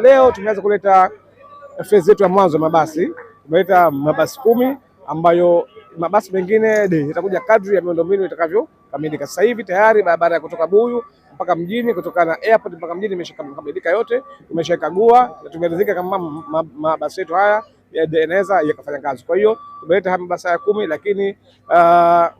Leo tumeanza kuleta fezi yetu ya mwanzo mabasi, tumeleta mabasi kumi ambayo mabasi mengine yatakuja kadri ya miundombinu itakavyokamilika. Sasa hivi tayari barabara ya kutoka Buyu mpaka mjini, kutoka na airport mpaka mjini imeshakamilika yote, tumeshakagua na tumeridhika kama mabasi yetu haya yanaweza yakafanya kazi. Kwa hiyo tumeleta haya mabasi haya kumi, lakini uh,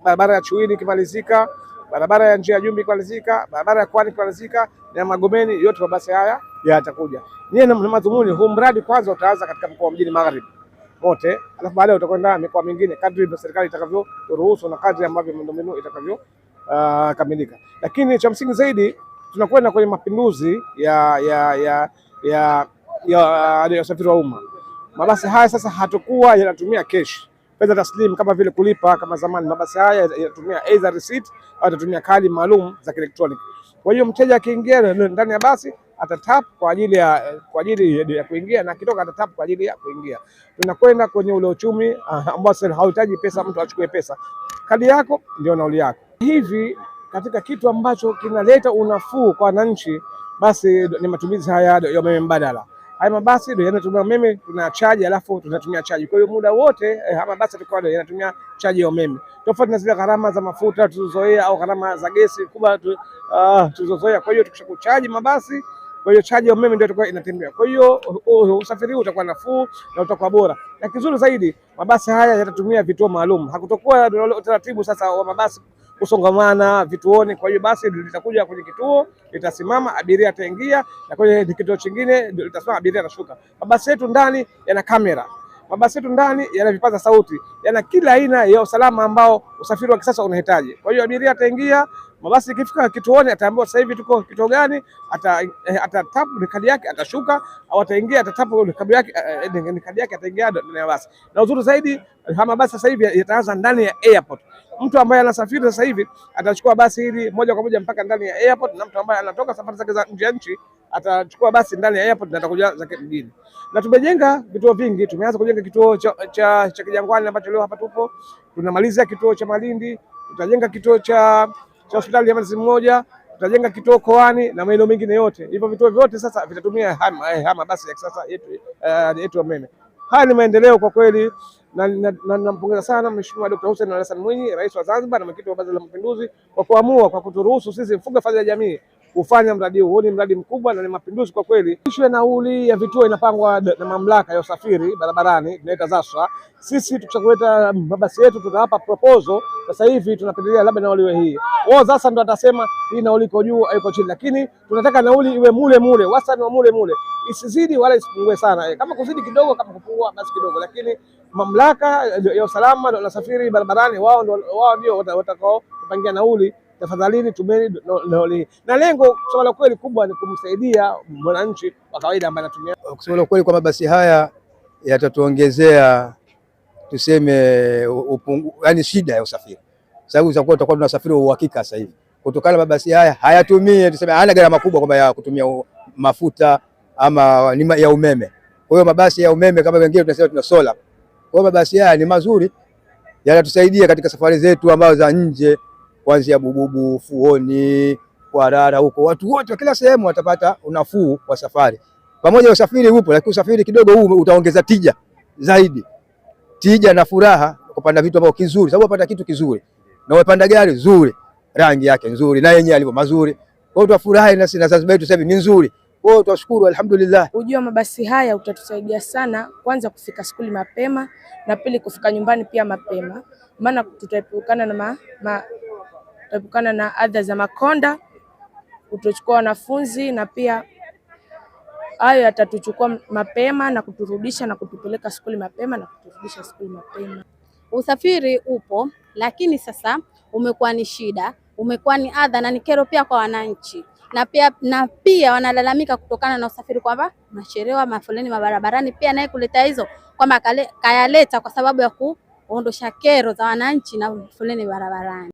barabara ya Chuini ikimalizika, barabara ya njia ya Jumbi ikimalizika, barabara ya Kwani ikimalizika na Magomeni, yote mabasi haya ya atakuja Yeye na madhumuni huu mradi kwanza utaanza katika mkoa mjini Magharibi wote, alafu baadaye utakwenda mikoa mingine kadri serikali itakavyo itakavyoruhusu na kadri ambavyo miundombinu itakavyo Uh, lakini cha msingi zaidi tunakwenda kwenye mapinduzi ya ya ya ya ya usafiri wa umma. Mabasi haya sasa hatakuwa yanatumia cash fedha taslimu kama vile kulipa kama zamani. Mabasi haya yanatumia either receipt au yatatumia kadi maalum za kielektroniki. Kwa hiyo mteja akiingia ndani ya basi atatap kwa ajili ya kwa ajili ya kuingia na kitoka atatap kwa ajili ya kuingia. Tunakwenda kwenye ule uchumi ah, ambao hauhitaji pesa, mtu achukue pesa, kadi yako ndio nauli yako. Hivi katika kitu ambacho kinaleta unafuu kwa wananchi, basi ni matumizi haya ya umeme mbadala. Haya mabasi ndio yanatumia umeme, tuna chaji alafu tunatumia chaji. Kwa hiyo muda wote eh, haya mabasi tukawa ndio yanatumia chaji ya umeme, tofauti na zile gharama za mafuta tulizozoea au gharama za gesi kubwa tu, Uh, kwa hiyo tukishakuchaji mabasi kwa hiyo chaji ya umeme ndio itakuwa inatembea. Kwa hiyo usafiri huu utakuwa nafuu na utakuwa bora, na kizuri zaidi mabasi haya yatatumia vituo maalum. Hakutokuwa utaratibu sasa wa mabasi kusongamana vituoni. Kwa hiyo basi litakuja kwenye kituo litasimama, abiria ataingia, na kwenye kituo chingine litasimama, abiria atashuka. Mabasi yetu ndani yana kamera, mabasi yetu ndani yana vipaza sauti, yana kila aina ya usalama ambao usafiri wa kisasa unahitaji. Kwa hiyo abiria ataingia mabasi ikifika kituoni ataambiwa sasa hivi tuko kituo gani, atatap eh, ni kadi yake, atashuka au ataingia, ni kadi yake, eh, eh, ni kadi yake, ataingia ndani ya basi. Na uzuri zaidi, kama mabasi sasa hivi yataanza ndani ya airport. Mtu ambaye anasafiri sasa hivi atachukua basi hili moja kwa moja mpaka ndani ya airport, na mtu ambaye anatoka safari zake za nje ya nchi atachukua basi ndani ya airport na atakuja zake mjini. Na tumejenga vituo vingi, tumeanza kujenga kituo cha, cha, cha Kijangwani ambacho leo hapa tupo, tunamaliza kituo cha Malindi, tutajenga kituo cha cha hospitali ya Mnazi Mmoja, tutajenga kituo koani na maeneo mengine yote. Hivyo vituo vyote sasa vitatumia hama, eh, hama basi ya kisasa yetu, eh, yetu ya umeme. Haya ni maendeleo kwa kweli na nampongeza na, sana Mheshimiwa Dr. Hussein Ali Hassan Mwinyi, Rais wa Zanzibar na mwenyekiti wa Baraza la Mapinduzi kwa kuamua kwa kuturuhusu sisi mfuga fadhila ya jamii kufanya mradi huu. Ni mradi mkubwa na ni mapinduzi kwa kweli. Ishu ya nauli ya vituo inapangwa na mamlaka ya usafiri barabarani, tunaita ZASRA. Sisi tukisha mabasi yetu tutawapa proposal. Sasa hivi tunapendelea labda nauli iwe hii, wao oh, ZASRA ndo atasema hii nauli iko juu au iko chini, lakini tunataka nauli iwe mule mule, wastani wa mule mule, isizidi wala isipungue sana. Eh, kama kuzidi kidogo, kama kupungua basi kidogo, lakini mamlaka ya usalama na usafiri barabarani wao ndio watakao kupangia nauli tafadhalini tumeni nauli. Na lengo kusema la kweli kubwa ni kumsaidia mwananchi wa kawaida ambaye anatumia. Kusema la kweli kwamba basi haya yatatuongezea tuseme upungu, yani shida ya usafiri, sababu zakuwa tutakuwa tunasafiri uhakika sasa hivi kutokana mabasi haya hayatumii tuseme hayana gharama kubwa kwamba ya kutumia mafuta ama ya umeme. Kwa hiyo mabasi ya umeme kama wengine tunasema tuna sola. Kwa hiyo mabasi haya ni mazuri, yanatusaidia katika safari zetu ambazo za nje kuanzia Bububu, Fuoni, Kwarara huko, watu wote wa kila sehemu watapata unafuu wa safari. Pamoja na usafiri upo, lakini usafiri kidogo huu utaongeza tija zaidi, tija na furaha kupanda vitu ambavyo kizuri, sababu unapata kitu kizuri na unapanda gari zuri, rangi yake nzuri na yenyewe alivyo mazuri. Kwa hiyo tutafurahi na sisi Zanzibar yetu sasa hivi ni nzuri. Kwa hiyo tunashukuru alhamdulillah. Ujio wa mabasi haya utatusaidia sana, kwanza kufika skuli mapema na pili kufika nyumbani pia mapema, maana tutaepukana na ma, ma, kuepukana na adha za makonda, kutochukua wanafunzi, na pia hayo yatatuchukua mapema na kuturudisha na kutupeleka skuli mapema na kuturudisha skuli mapema. Usafiri upo, lakini sasa umekuwa ni shida, umekuwa ni adha na ni kero pia kwa wananchi na pia, na pia wanalalamika kutokana na usafiri kwamba macherewa, mafoleni mabarabarani, pia naye kuleta hizo kwamba kayaleta kwa sababu ya kuondosha kero za wananchi na foleni barabarani.